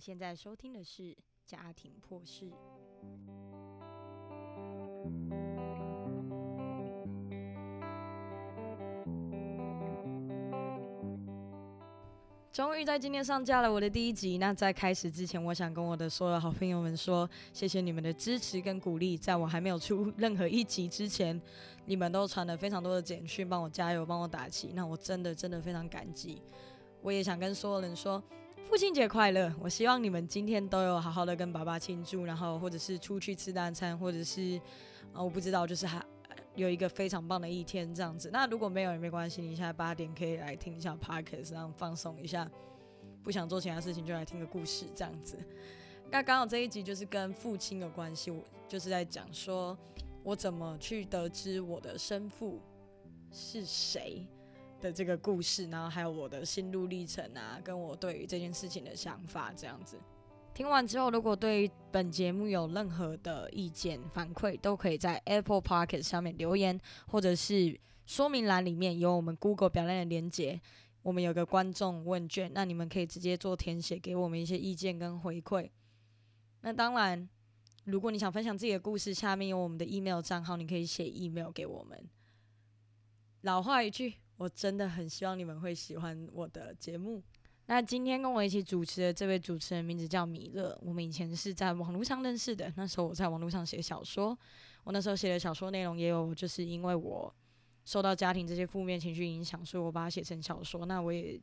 現在收聽的是《家庭破事》。終於在今天上架了我的第一集。那在開始之前，我想跟我的所有好朋友們說，謝謝你們的支持跟鼓勵。在我還沒有出任何一集之前，你們都傳了非常多的簡訊，幫我加油，幫我打氣。那我真的真的非常感激。我也想跟所有人說，父親節快樂！我希望你們今天都有好好的跟爸爸慶祝，然後或者是出去吃大餐，或者是，啊、哦，我不知道，就是還有一個非常棒的一天這樣子。那如果沒有也沒關係，你現在八點可以來聽一下 podcast，然後放鬆一下。不想做其他事情就來聽個故事這樣子。那剛好這一集就是跟父親有關係，我就是在講說我怎麼去得知我的生父是誰。的這個故事，然後還有我的心路歷程啊，跟我對於這件事情的想法這樣子。聽完之後，如果對本節目有任何的意見反饋，都可以在 Apple Podcast 上面留言，或者是說明欄裡面有我們 Google 表單的鏈接。我們有個觀眾問卷，那你們可以直接做填寫，給我們一些意見跟回饋。那當然，如果你想分享自己的故事，下面有我們的 email 賬號，你可以寫 email 給我們。老話一句。我真的很希望你們會喜歡我的節目。那今天跟我一起主持的這位主持人名字叫米勒，我們以前是在網絡上認識的。那時候我在網絡上寫小說，我那時候寫的小說內容也有，就是因為我受到家庭這些負面情緒影響，所以我把它寫成小說，那我也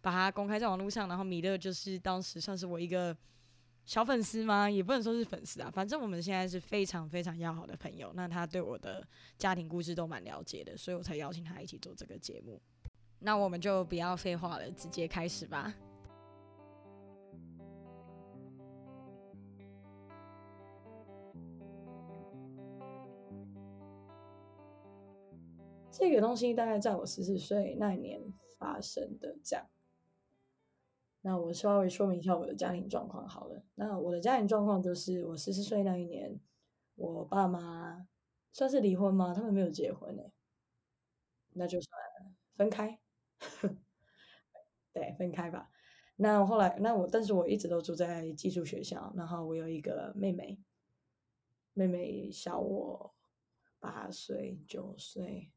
把它公開在網絡上。然後米勒就是當時算是我一個。小粉絲嗎？也不能說是粉絲啊，反正我們現在是非常非常要好的朋友。那他對我的家庭故事都蠻了解的，所以我才邀請他一起做這個節目。那我們就不要廢話了，直接開始吧。這個東西大概在我十四歲那一年發生的，這樣。那我稍微說明一下我的家庭狀況好了。那我的家庭狀況就是，我十四歲那一年，我爸媽算是離婚嗎？他們沒有結婚呢、欸。那就算分開， 對，分開吧。那後來，那我但是我一直都住在寄宿學校。然後我有一個妹妹，妹妹小我八歲、九歲，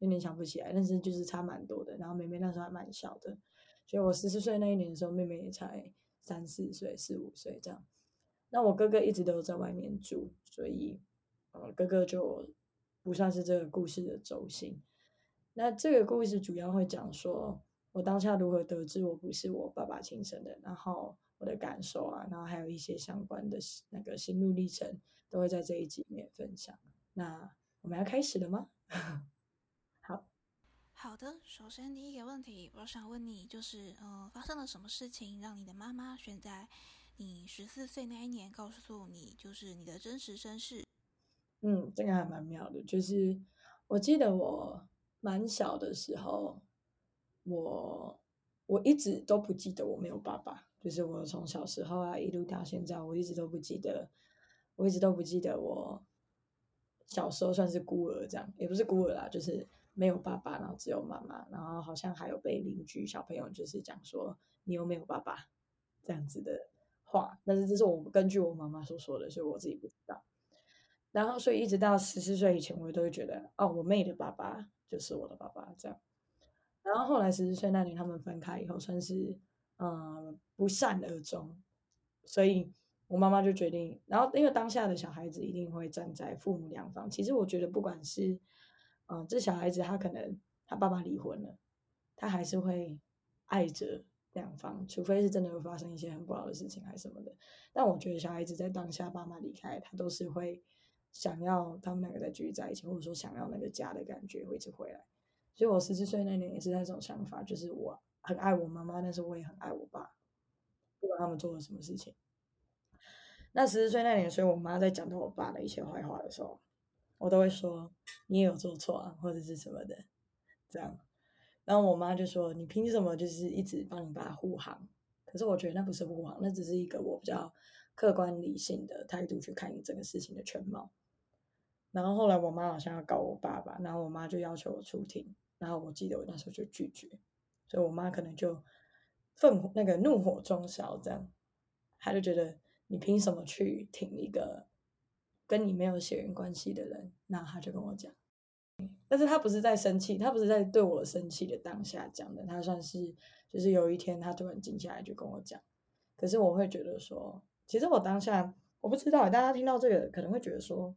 有點想不起來，但是就是差蠻多的。然後妹妹那時候還蠻小的。所以我十四歲那一年的時候，妹妹也才三四歲、四五歲這樣。那我哥哥一直都在外面住，所以哥哥就不算是這個故事的軸心。那這個故事主要會講說我當下如何得知我不是我爸爸親生的，然後我的感受啊，然後還有一些相關的那個心路歷程，都會在這一集裡面分享。那我們要開始了嗎？ 好的，首先第一個問題，我想問你，就是，嗯，發生了什麼事情讓你的媽媽選在你十四歲那一年告訴你，就是你的真實身世？嗯，這個還蠻妙的，就是我記得我蠻小的時候，我我一直都不記得我沒有爸爸，就是我從小時候啊一路到現在，我一直都不記得，我一直都不記得我小時候算是孤兒這樣，也不是孤兒啦，就是。沒有爸爸，然後只有媽媽，然後好像還有被鄰居小朋友就是講說你有沒有爸爸這樣子的話，但是這是我根據我媽媽所說、說的，所以我自己不知道。然後所以一直到十四歲以前，我都會覺得哦，我妹的爸爸就是我的爸爸這樣。然後後來十四歲那年他們分開以後，算是嗯不善而終。所以我媽媽就決定，然後因為當下的小孩子一定會站在父母兩方，其實我覺得不管是。啊、嗯，這小孩子他可能他爸爸離婚了，他還是會愛着兩方，除非是真的會發生一些很不好的事情還是什麼的。但我覺得小孩子在當下爸媽離開，他都是會想要他們兩個再聚在一起，或者說想要那個家的感覺會一直回來。所以，我十四歲那年也是那種想法，就是我很愛我媽媽，但是我也很愛我爸，不管他們做了什麼事情。那十四歲那年，所以我媽在講到我爸的一些壞話的時候，我都會說，你也有做錯啊，或者是什麼的，這樣。然後我媽就說：“你憑什麼就是一直幫你爸護航？”可是我覺得那不是護航，那只是一個我比較客觀理性的態度去看你這個事情的全貌。然後後來我媽好像要告我爸爸，然後我媽就要求我出庭。然後我記得我那時候就拒絕，所以我媽可能就憤那個怒火中燒，這樣，她就覺得，你憑什麼去挺一個跟你沒有血緣關係的人。那他就跟我講，但是他不是在生氣，他不是在對我生氣的當下講的，他算是就是有一天他突然靜下來就跟我講。可是我會覺得說，其實我當下我不知道，大家聽到這個可能會覺得說，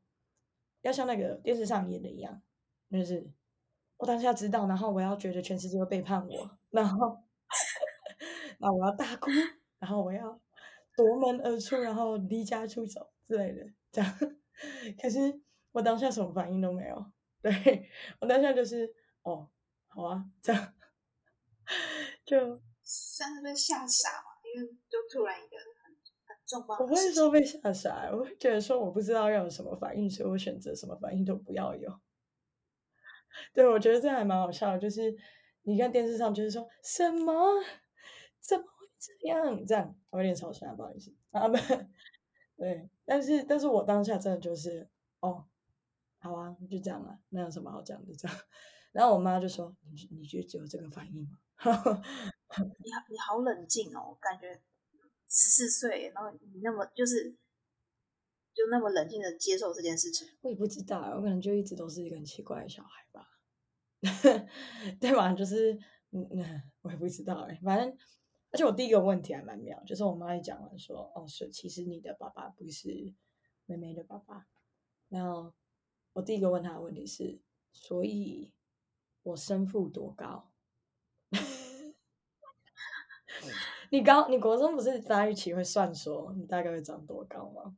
要像那個電視上演的一樣，就是我當下知道，然後我要覺得全世界都背叛我，然後，那 我要大哭，然後我要奪門而出，然後離家出走之類的這樣。可是我當下什麼反應都沒有，對，我當下就是哦，好啊，這樣，就算是被嚇傻嘛，因為就突然一個很重磅。我不會說被嚇傻、欸，我會覺得說我不知道要有什麼反應，所以我選擇什麼反應都不要有。對，我覺得這還蠻好笑的，就是你看電視上就是說什麼，怎麼會這樣？這樣我有點超起來，不好意思啊，不。對，但是但是我當下真的就是哦，好啊，就這樣啊，那有什麼好講的？這樣。然後我媽就說：“你你就只有這個反應嘛。 你你好冷靜哦，感覺十四歲，然後你那麼就是就那麼冷靜的接受這件事情，我也不知道，我可能就一直都是一個很奇怪的小孩吧， 對吧？就是嗯，我也不知道哎、欸，反正。”就我第一個問題還蠻妙，就是我媽也講了說，哦，是其實你的爸爸不是妹妹的爸爸。然後我第一個問她的問題是，所以我生父多高？你剛你高你國中不是大家一起會算說你大概會長多高嗎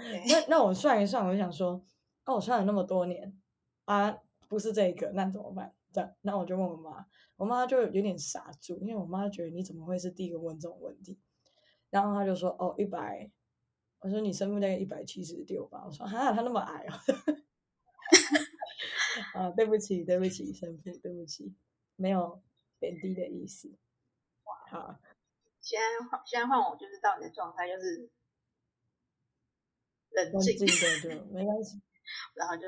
？Okay. 那那我算一算，我就想說，哦，我算了那麼多年，啊，不是這一個，那怎麼辦？那我就問我媽，我媽就有點傻住，因為我媽覺得你怎麼會是第一個問這種問題？然後她就說：“哦，一百。”我說：“你生父大概一百七十六吧？”我說：“哈，他那麼矮哦。 ” 啊，對不起，對不起，生父對不起，沒有貶低的意思。哇，好，先換，先換我，就是到你的狀態，就是冷靜，冷靜對對，沒關係。然後就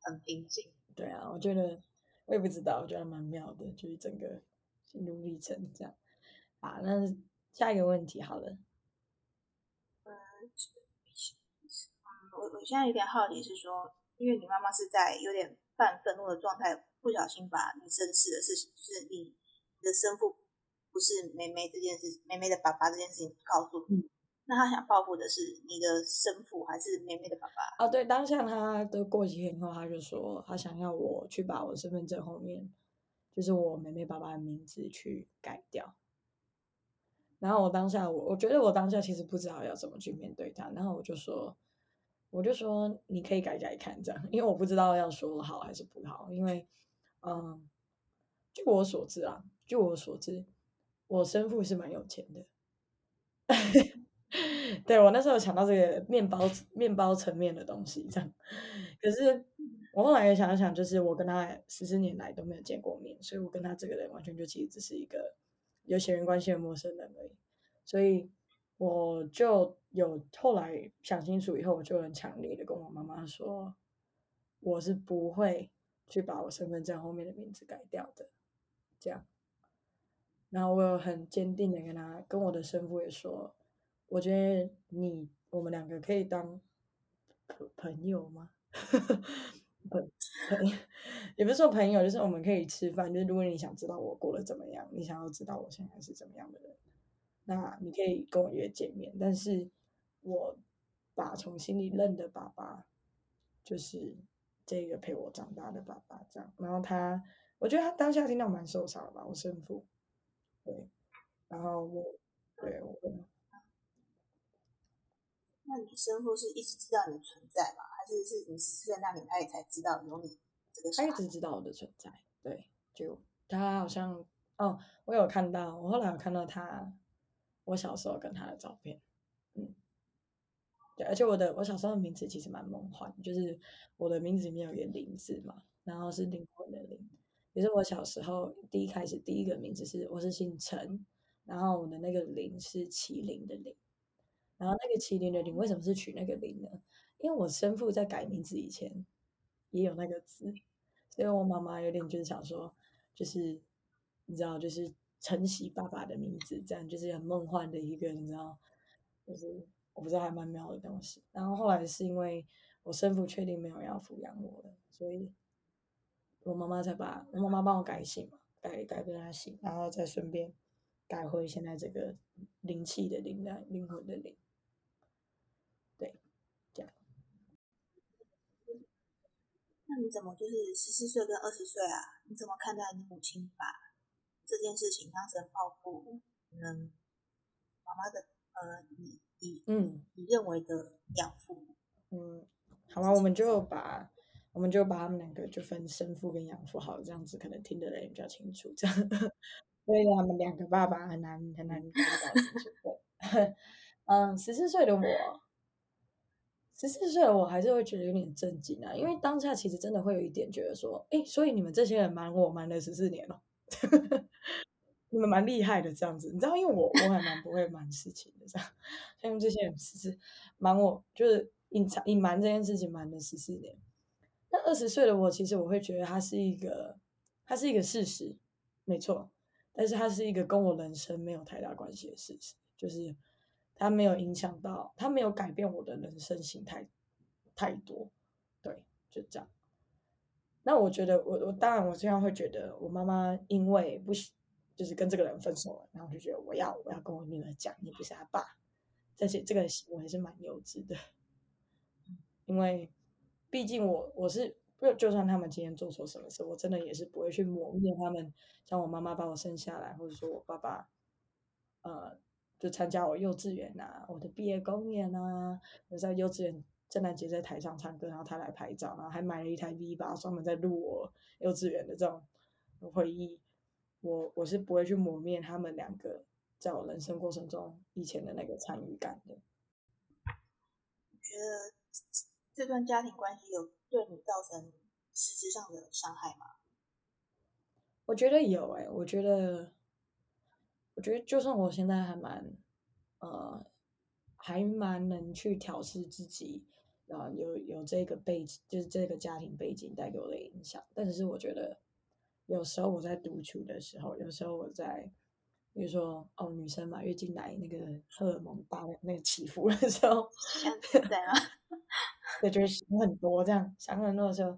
很平靜。對啊，我覺得。我也不知道，我覺得蠻妙的，就是整個心路歷程這樣。啊，那下一個問題好了。我、嗯、我現在有點好奇，是說，因為你媽媽是在有點半憤怒的狀態，不小心把你身世的事情，就是你的生父不是梅梅這件事，梅梅的爸爸這件事情，告訴你。嗯那他想報復的是你的生父還是妹妹的爸爸？哦，對，當下他都過幾天後，他就說他想要我去把我身份證後面就是我妹妹爸爸的名字去改掉。然後我當下我我覺得我當下其實不知道要怎麼去面對他。然後我就說我就說你可以改改看這樣，因為我不知道要說好還是不好。因為嗯，據我所知啊，據我所知，我生父是蠻有錢的。 對，我那時候想到這個麵包麵包層面的東西這樣，可是我後來也想一想，就是我跟他十四年來都沒有見過面，所以我跟他這個人完全就其實只是一個有血緣關係的陌生人而已，所以我就有後來想清楚以後，我就很強烈的跟我媽媽說，我是不會去把我身份證後面的名字改掉的，這樣，然後我又很堅定的跟他跟我的生父也說。我覺得你我們兩個可以當朋友嗎 朋友？也不是說朋友，就是我們可以吃飯。就是如果你想知道我過得怎麼樣，你想要知道我現在是怎麼樣的人，那你可以跟我約見面。但是，我把從心裡認的爸爸，就是這個陪我長大的爸爸，這樣。然後他，我覺得他當下聽到蠻受傷的吧，我生父。對，然後我對我。那你生父是一直知道你的存在嗎？還是是你十四歲那年，他也才知道有你這個事？他一直知道我的存在，對，就他好像哦，我有看到，我後來有看到他，我小時候跟他的照片，嗯，對，而且我的我小時候的名字其實蠻夢幻，就是我的名字裡面有個“靈”字嘛，然後是靈魂的“靈”，也就是我小時候第一開始第一個名字是我是姓陳，然後我的那個“靈”是麒麟的“麟”。然後那個麒麟的麟，為什麼是取那個麟呢？因為我生父在改名字以前也有那個字，所以我媽媽有點就是想說，就是你知道，就是承襲爸爸的名字，這樣就是很夢幻的一個，你知道，就是我不知道還蠻妙的東西。然後後來是因為我生父確定沒有要撫養我了，所以我媽媽才把，我媽媽幫我改姓嘛，改改跟他姓，然後再順便改回現在這個靈氣的靈，靈魂的靈。那你怎麼就是十四歲跟二十歲啊？你怎麼看待你母親把這件事情當成報復？能、嗯嗯、媽媽的呃，你你嗯，你認為的養父？嗯，好吧，我們就把我們就把他們兩個就分生父跟養父，好，這樣子可能聽的人比較清楚。這樣，所以他們兩個爸爸很難很難搞清楚 對。嗯，十四歲的我。十四歲了我還是會覺得有點震驚啊，因為當下其實真的會有一點覺得說，哎、欸，所以你們這些人瞞我瞞了十四年了，呵呵你們蠻厲害的這樣子。你知道，因為我我還蠻不會瞞事情的這樣，像 這些人其實瞞我就是隱藏、隱瞞這件事情瞞了十四年。那二十歲的我，其實我會覺得它是一個，它是一個事實，沒錯，但是它是一個跟我人生沒有太大關係的事實，就是。他沒有影響到，他沒有改變我的人生心態太多，對，就這樣。那我覺得我，我我當然我這樣會覺得，我媽媽因為不喜，就是跟這個人分手了，然後我就覺得我要我要跟我女兒講，你不是他爸。這些這個我還是蠻幼稚的，因為畢竟我我是，就算他們今天做錯什麼事，我真的也是不會去抹滅他們，像我媽媽把我生下來，或者說我爸爸，呃。就參加我幼稚園啊，我的畢業公演啊，我在幼稚園聖誕節在台上唱歌，然後他來拍照，然後還買了一台 V 八，專門在錄我幼稚園的這種回憶。我我是不會去磨滅他們兩個在我人生過程中以前的那個參與感的。你覺得這段家庭關係有對你造成實質上的傷害嗎？我覺得有哎、欸，我覺得。我覺得，就算我現在還蠻，呃，還蠻能去調適自己，啊，有有這個背景，就是這個家庭背景帶給我的影響。但是，我覺得有時候我在獨處的時候，有時候我在，比如說，哦，女生嘛，月經來，那個荷爾蒙大那個起伏的時候，是這 對啊，我覺得想很多，這樣想很多的時候，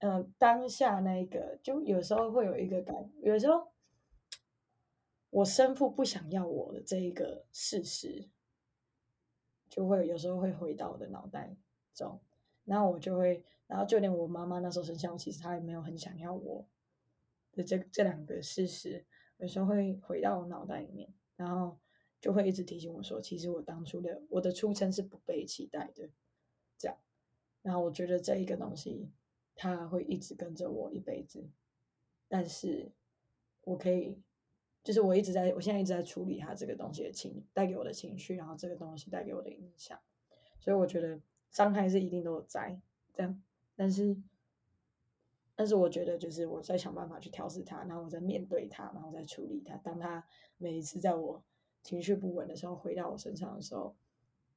嗯、呃，當下那個就有時候會有一個感，有時候。我生父不想要我的這一個事實，就會有時候會回到我的腦袋中，然後我就會，然後就連我媽媽那時候生下我，其實她也沒有很想要我的這這兩個事實，有時候會回到我腦袋裡面，然後就會一直提醒我說，其實我當初的我的出生是不被期待的，這樣，然後我覺得這一個東西，它會一直跟着我一輩子，但是我可以。就是我一直在，我現在一直在處理他這個東西的情，帶給我的情緒，然後這個東西帶給我的影響。所以我覺得傷害是一定都在這樣，但是，但是我覺得就是我在想辦法去調試它，然後我在面對它，然後再處理它。當它每一次在我情緒不穩的時候回到我身上的時候，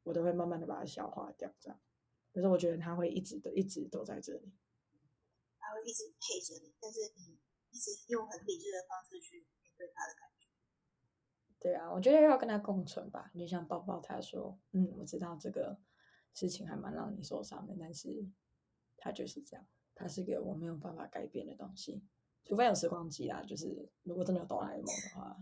我都會慢慢的把它消化掉。這樣，可是我覺得他會一直都一直都在這裡，他會一直陪着你，但是你一直用很理智的方式去。對他的感覺，對啊，我覺得要跟他共存吧，你就想抱抱他，說，嗯，我知道這個事情還蠻讓你受傷的，但是他就是這樣，他是個我沒有辦法改變的東西，除非有時光機啊，就是如果真的有哆啦 A 夢的話，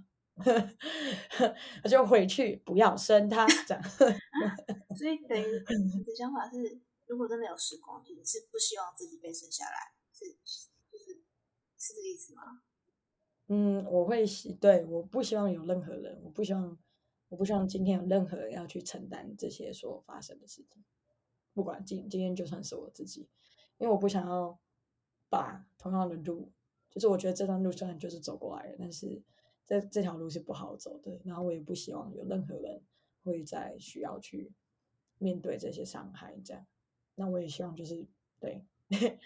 我 就回去不要生他，這樣。 啊、所以等於你的想法是， 如果真的有時光機，你是不希望自己被生下來，是、就是、就是、是這個意思嗎？嗯，我會希對，我不希望有任何人，我不希望，我不希望今天有任何人要去承擔這些所發生的事情，不管今天今天就算是我自己，因為我不想要把同樣的路，就是我覺得這段路雖然就是走過來了，但是這這條路是不好走的，然後我也不希望有任何人會再需要去面對這些傷害這樣，那我也希望就是對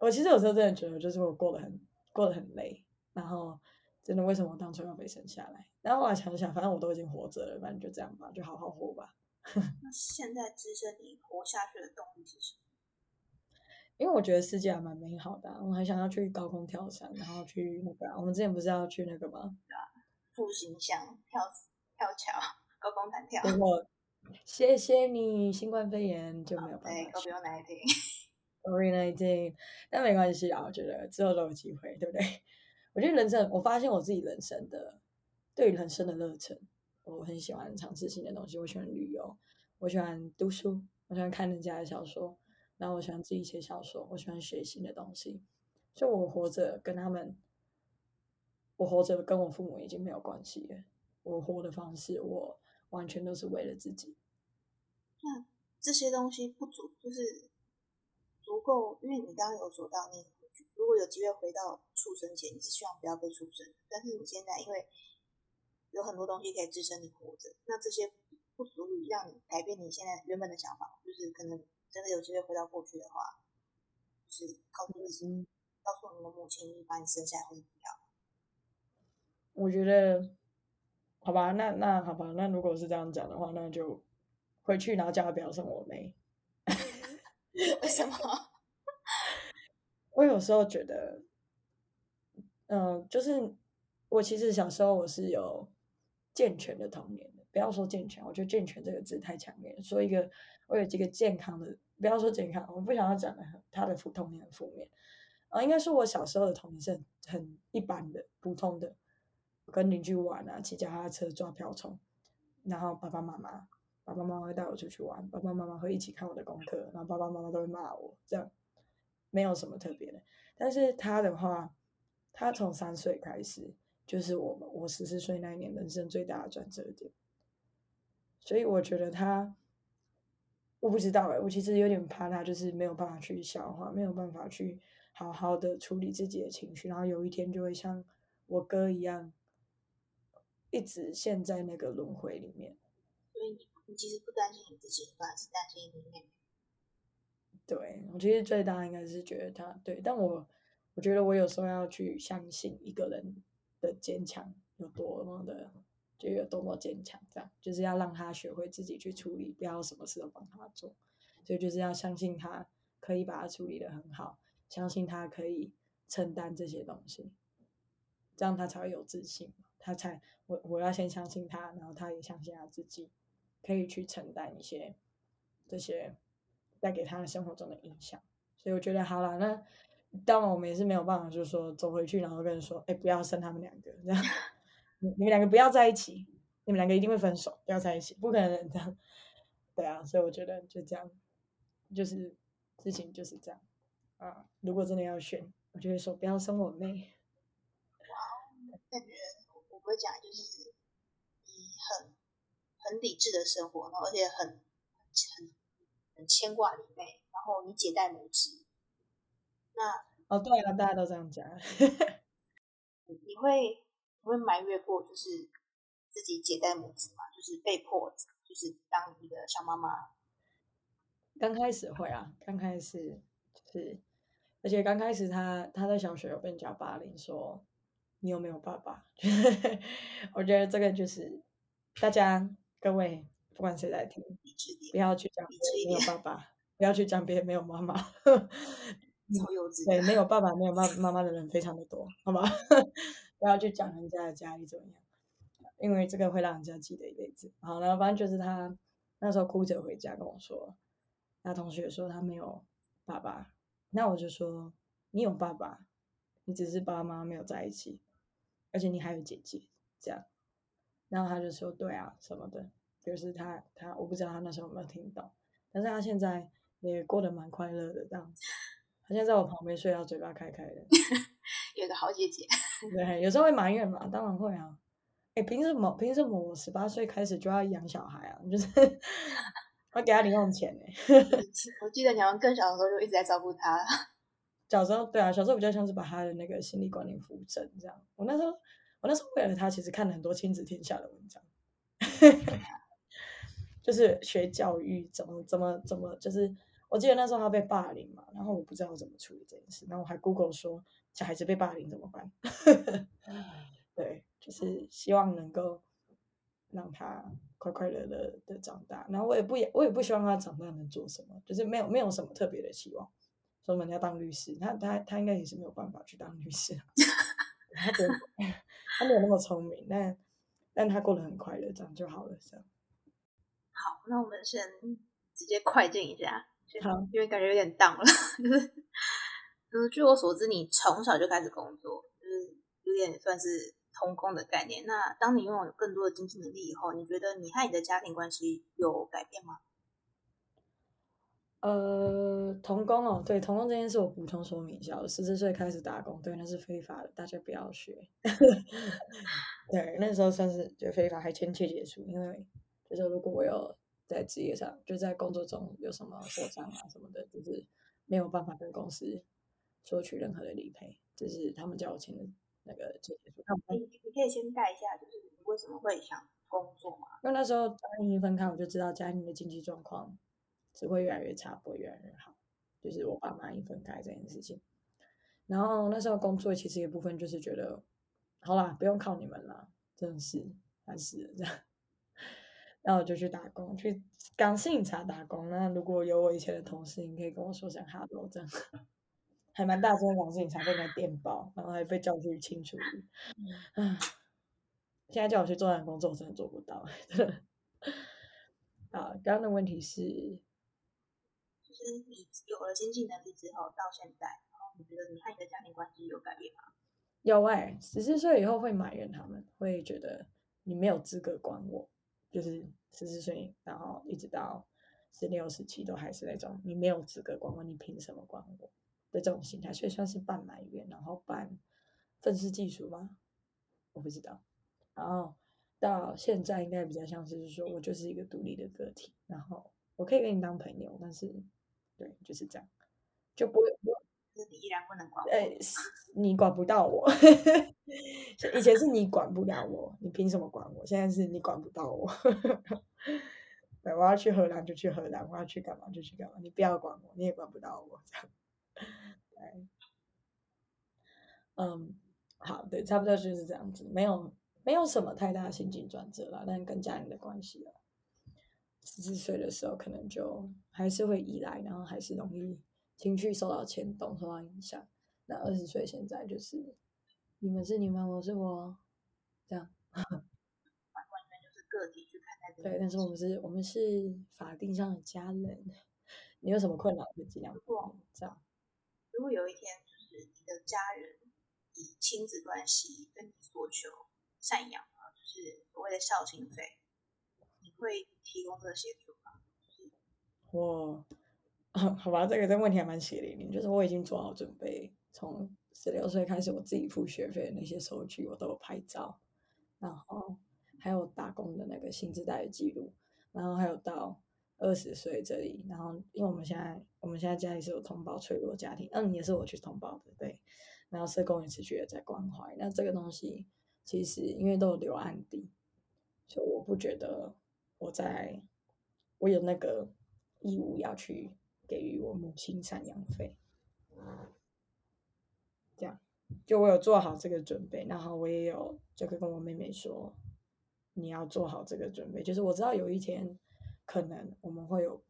我其實有時候真的覺得，就是我過得很過得很累。然後，真的，為什麼我當初要被生下來？然後我還想一想，反正我都已經活着了，反正就這樣吧，就好好活吧。 那現在支撐你活下去的動力是什麼？因為我覺得世界還蠻美好的、啊，我還想要去高空跳傘，然後去那個、啊，我們之前不是要去那個嗎？對啊，復興鄉跳跳橋、高空彈跳。然後，謝謝你，新冠肺炎就沒有辦法。Oh, 對，COVID-19，COVID-19，但沒關係啊，我覺得之後都有機會，對不對？我覺得人生，我發現我自己人生的對於人生的熱忱，我很喜歡嘗試新的東西，我喜歡旅遊，我喜歡讀書，我喜歡看人家的小說，然後我喜歡自己寫小說，我喜歡學新的東西。就我活着跟他們，我活着跟我父母已經沒有關係了。我活的方式，我完全都是為了自己。那、嗯、這些東西不足就是足夠，因為你剛剛有說到你。如果有機會回到出生前，你是希望不要被出生？但是你現在因為有很多東西可以支撐你活着那這些不足以讓你改變你現在原本的想法。就是可能真的有機會回到過去的話，就是告訴自、嗯、告訴你的母親，你把你生下來或者怎麼樣。我覺得，好吧，那那好吧，那如果是這樣講的話，那就回去，然後叫他不要生我妹。為什麼？我有時候覺得，嗯、呃，就是我其實小時候我是有健全的童年的，不要說健全，我覺得“健全”這個字太強烈。說一個，我有幾個健康的，不要說健康，我不想要講的，他的童年很負面。啊、呃，應該說我小時候的童年是很很一般的、普通的。跟鄰居玩啊，騎腳踏車、抓瓢蟲，然後爸爸媽媽、爸爸媽媽會帶我出去玩，爸爸媽媽會一起看我的功課，然後爸爸媽媽都會罵我，這樣。沒有什麼特別的，但是他的話，他從三歲開始就是我，我十四歲那一年人生最大的轉折點，所以我覺得他，我不知道哎、欸，我其實有點怕他，就是沒有辦法去消化，沒有辦法去好好的處理自己的情緒，然後有一天就會像我哥一樣，一直陷在那個輪回裡面。所以你，你其實不擔心你自己，還是擔心你對，我其實最大應該是覺得他，對，但我，我覺得我有時候要去相信一個人的堅強有多麼的，就有多麼堅強，這樣就是要讓他學會自己去處理，不要什麼事都幫他做，所以就是要相信他可以把他處理的很好，相信他可以承擔這些東西，這樣他才會有自信，他才，我我要先相信他，然後他也相信他自己可以去承擔一些這些。帶給他的生活中的影響，所以我覺得好了，那當然我們也是沒有辦法，就是說走回去，然後跟人說，哎、欸，不要生他們兩個，這樣， 你們兩個不要在一起，你們兩個一定會分手，不要在一起，不可能這樣，對啊，所以我覺得就這樣，就是事情就是這樣啊。如果真的要選，我就會說不要生我妹。哇，我感覺，我不會講，就是你很很理智的生活，而且很很。牽掛你妹，然後你姐代母職，那哦，對了、啊，大家都這樣講。 你會你會埋怨過，就是自己姐代母職嘛？就是被迫，就是當一個小媽媽。剛開始會啊，剛開始就是，而且剛開始他他在小學有被人家霸凌，說你有沒有爸爸、就是？我覺得這個就是大家各位。不管誰來聽，一一不要去講一一沒有爸爸，不要去講別人沒有媽媽。 對，沒有爸爸、沒有媽媽媽的人非常的多，好嗎？ 不要去講人家的家裡怎麼樣，因為這個會讓人家記得一輩子。好，然後反正就是他那時候哭着回家跟我說，他同學說他沒有爸爸，那我就說你有爸爸，你只是爸爸媽媽沒有在一起，而且你還有姐姐。這樣，然後他就說對啊什麼的。就是他，他，我不知道他那時候有沒有聽到，但是他現在也過得蠻快樂的這樣子。他現在在我旁邊睡到嘴巴開開的， 有個好姐姐。對，有時候會埋怨嘛，當然會啊。欸，憑什麼？憑什麼我十八歲開始就要養小孩啊？就是 我給他零用錢呢、欸。 我記得你更小的時候就一直在照顧他。小時候對啊，小時候比較像是把他的那個心理觀念扶正這樣。我那時候，我那時候為了他，其實看了很多親子天下的文章。 就是學教育怎麼怎麼怎麼，就是我記得那時候他被霸凌嘛，然後我不知道怎麼處理這件事，然後我還 Google 說小孩子被霸凌怎麼辦， 對，就是希望能夠讓他快快樂樂的、的長大，然後我也不也我也不希望他長大能做什麼，就是沒有沒有什麼特別的期望，說我們要當律師，他他他應該也是沒有辦法去當律師啊 他，他沒有那麼聰明，但但他過得很快樂，這樣就好了，這樣。那我們先直接快進一下，嗯、因為感覺有點 down 了。就是，就是、據我所知，你從小就開始工作，就是有點算是童工的概念。那當你擁有更多的經濟能力以後，你覺得你和你的家庭關係有改變嗎？呃，童工哦，對，童工這件事我補充說明一下：我十四歲開始打工，對，那是非法的，大家不要學。 對，那時候算是就非法還簽切結書，因為就是如果我有。在職業上，就在工作中有什麼受傷啊什麼的，就是沒有辦法跟公司索取任何的理賠，就是他們叫我請的那個假。那我，你可以先帶一下，就是你為什麼會想工作嗎、啊？因為那時候當你一分開，我就知道家庭的經濟狀況只會越來越差，不會越來越好。就是我爸媽一分開這件事情，然後那時候工作其實一部分就是覺得，好啦，不用靠你們啦，真的是但是這樣。然後我就去打工，去港式飲茶打工。那如果有我以前的同事，你可以跟我說聲哈嘍，這樣還蠻大聲的。港式飲茶被人家電爆，然後還被叫去清除。現在叫我去做那工作，我真的做不到。啊，剛剛的問題是，就是你有了經濟能力之後，到現在，然後你覺得你和你的家庭關係有改變嗎？有哎、欸，十四歲以後會埋怨他們，會覺得你沒有資格管我。就是十四歲，然後一直到十六、十七，都還是那種你沒有資格管我，你憑什麼管我的，的這種心態，所以算是半埋怨，然後半憤世嫉俗嗎？我不知道。然後到現在應該比較像是說，我就是一個獨立的個體，然後我可以跟你當朋友，但是對，就是這樣，就不會不會。呃，你管不到我。 以前是你管不了我，你憑什麼管我？現在是你管不到我。 我要去荷蘭就去荷蘭，我要去幹嘛就去幹嘛，你不要管我，你也管不到我。嗯，好，對，差不多就是這樣子，沒有沒有什麼太大心境轉折了。但是跟家人的關係啊、哦，十四歲的時候可能就還是會依賴，然後還是容易。情緒受到牽動，受到影響。那二十歲現在就是，你們是你們，我是我，這樣。 反正就是各地去看待。對，但是我們是，我們是法定上的家人。 你有什麼困擾，儘量果這樣。如果有一天，就是你的家人以親子關係跟你索求贍養啊，就是所謂的孝親費，嗯、你會提供這些的嗎？哇、就是 好吧，這個這問題還蠻血淋淋，就是我已經做好準備，從十六歲開始，我自己付學費的那些收據我都有拍照，然後還有打工的那個薪資待遇記錄，然後還有到二十歲這裡，然後因為我們現在我們現在家裡是有通報脆弱的家庭，嗯，也是我去通報的，對，然後社工也持續在關懷，那這個東西其實因為都有留案底，所以我不覺得我在我有那個義務要去。給予我母親贍養費，這樣就我有做好這個準備，然後我也有這個跟我妹妹說，你要做好這個準備，就是我知道有一天可能我們會有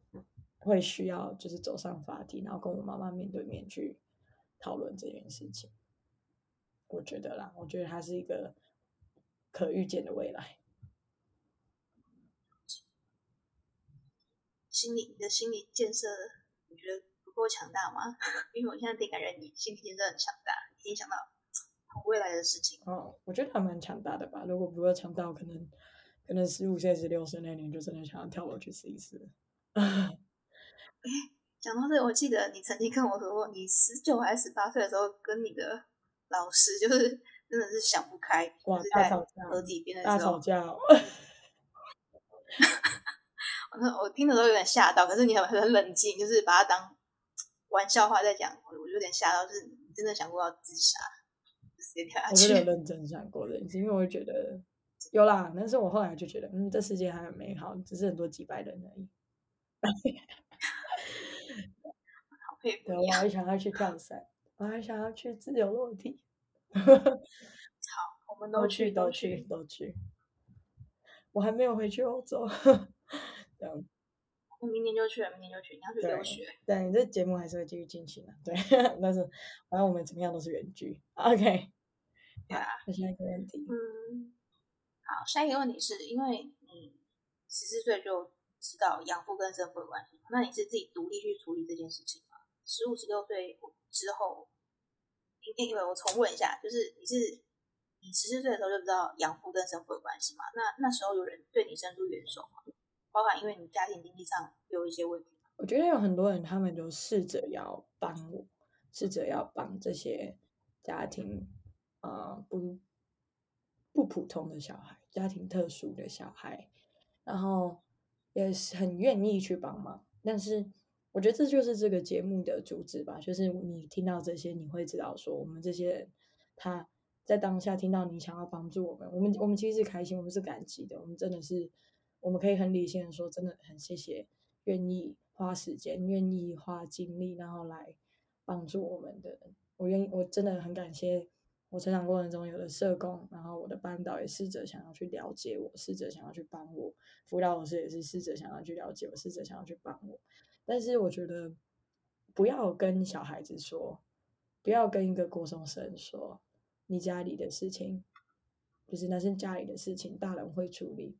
會需要就是走上法庭，然後跟我媽媽面對面去討論這件事情。我覺得啦，我覺得它是一個可預見的未來，心理，你的心理建設。你覺得不夠強大嗎？ 因為我現在感覺你心裡真的很強大，你可以想到未來的事情。哦，我覺得還蠻強大的吧。如果不夠強大，我可，可能可能十五歲、十六歲那年就真的想要跳樓去試一試。哎、 欸，講到這個，我記得你曾經跟我說過，你十九還是十八歲的時候，跟你的老師就是真的是想不開，哇，大吵架，就是在河底邊的大吵架 我聽的時候有點嚇到，可是你很很冷靜，就是把它當玩笑話在講。我有點嚇到，就是你真的想過要自殺？我有點認真想過，冷靜，因為我覺得有啦。但是我後來就覺得，嗯，這世界還很美好，只是很多幾百人而已。對 我還想要去跳傘，我還想要去自由落體。 好，我們都去，都去，都去。我還沒有回去歐洲。 我就明天就去了，明天就去，你要去留學對。對，你這節目還是會繼續進行的，對。 但是，反正我們怎麼樣都是遠距 OK。對啊。啊下一個問題。嗯，好，下一個問題是因為你十四歲就知道養父跟生父的關係，那你是自己獨立去處理這件事情嗎？十五、十六歲之後，因因為，我重問一下，就是你是你十四歲的時候就知道養父跟生父的關係嗎？那那時候有人對你伸出援手嗎？包括因為你家庭經濟上有一些問題，我覺得有很多人他們就試着要幫我，試着要幫這些家庭，呃，不不普通的小孩，家庭特殊的小孩，然後也是很願意去幫忙。但是我覺得這就是這個節目的主旨吧，就是你聽到這些，你會知道說我們這些人，他在當下聽到你想要幫助我們，我們我們其實是開心，我們是感激的，我們真的是。我們可以很理性的說，真的很謝謝願意花時間、願意花精力，然後來幫助我們的人。我願意，我真的很感謝我成長過程中有的社工，然後我的班導也試着想要去了解我，試着想要去幫我，輔導老師也是試着想要去了解我，試着想要去幫我。但是我覺得，不要跟小孩子說，不要跟一個高中生說，你家裡的事情就是那是家裡的事情，大人會處理。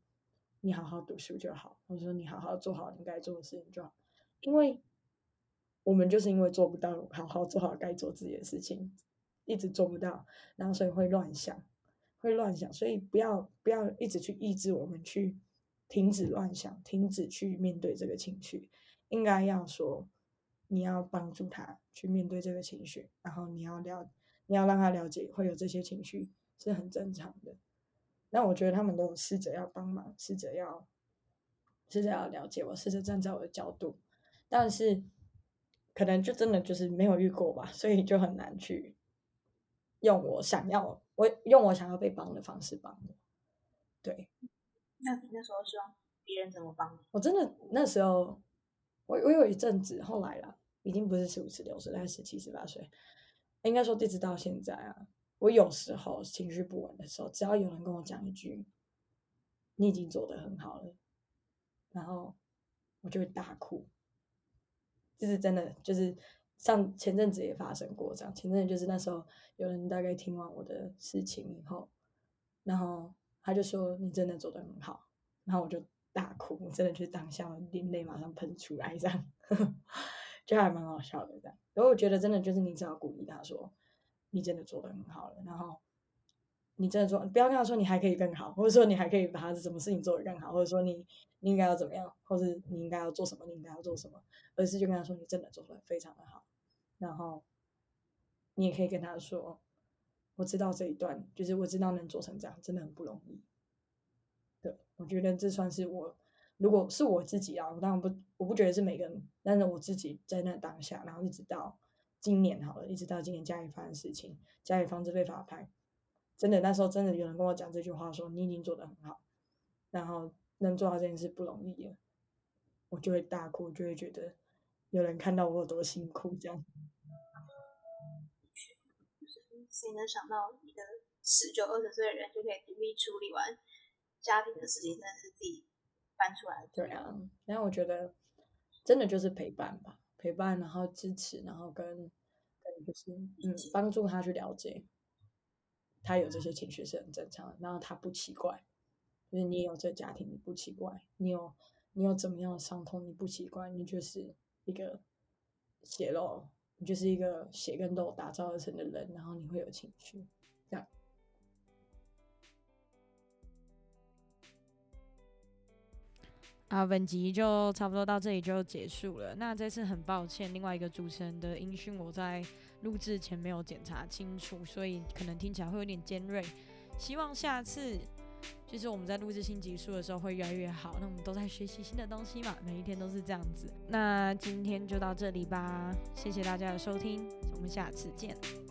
你好好讀書就好，或者說你好好做好你該做的事情就好，因為我們就是因為做不到好好做好該做自己的事情，一直做不到，然後所以會亂想，會亂想，所以不要不要一直去抑制我們去停止亂想，停止去面對這個情緒，應該要說你要幫助他去面對這個情緒，然後你要了你要讓他了解會有這些情緒是很正常的。那我覺得他們都有試着要幫忙，試着要試着要了解我，試着站在我的角度，但是可能就真的就是沒有遇過吧，所以就很難去用我想要我用我想要被幫的方式幫我。對，那那時候說別人怎麼幫你？我真的那時候，我我有一陣子後來了，已經不是十五十六歲，大概是十七十八歲，應該說一直到現在啊。我有時候情緒不穩的時候，只要有人跟我講一句“你已經做得很好了”，然後我就會大哭，就是真的，就是上前陣子也發生過這樣。前陣子就是那時候有人大概聽完我的事情以後，然後他就說“你真的做得很好”，然後我就大哭，我真的就當下眼淚馬上噴出來，這樣呵呵，就還蠻好笑的這樣。然後我覺得真的就是你只要鼓勵他說。你真的做得很好了，然後你真的做，不要跟他說你還可以更好，或者說你還可以把他什麼事情做得更好，或者說你你應該要怎麼樣，或者你應該要做什麼，你應該要做什麼，而是就跟他說你真的做出來非常的好，然後你也可以跟他說，我知道這一段就是我知道能做成這樣真的很不容易，對，我覺得這算是我，如果是我自己啊，我當然不我不覺得是每個人，但是我自己在那當下，然後一直到。今年好了，一直到今年家裡發生的事情，家裡房子被法拍，真的那時候真的有人跟我講這句話說說你已經做得很好，然後能做到這件事不容易了，我就會大哭，就會覺得有人看到我有多辛苦這樣。就是誰能想到你的十九二十歲的人就可以獨立處理完家庭的事情，但是自己搬出來。對啊，那我覺得真的就是陪伴吧。陪伴，然後支持，然後跟，跟就是，嗯，幫助他去了解，他有這些情緒是很正常的，然後他不奇怪，就是你有這個家庭，你不奇怪，你有你有怎麼樣的傷痛，你不奇怪，你就是一個血肉，你就是一個血跟肉打造而成的人，然後你會有情緒，這樣。好，本集就差不多到這裡就結束了。那這次很抱歉，另外一個主持人的音訊我在錄制前沒有檢查清楚，所以可能聽起來會有點尖銳。希望下次就是我們在錄制新集數的時候會越來越好。那我們都在學習新的東西嘛，每一天都是這樣子。那今天就到這裡吧，謝謝大家的收聽，我們下次見。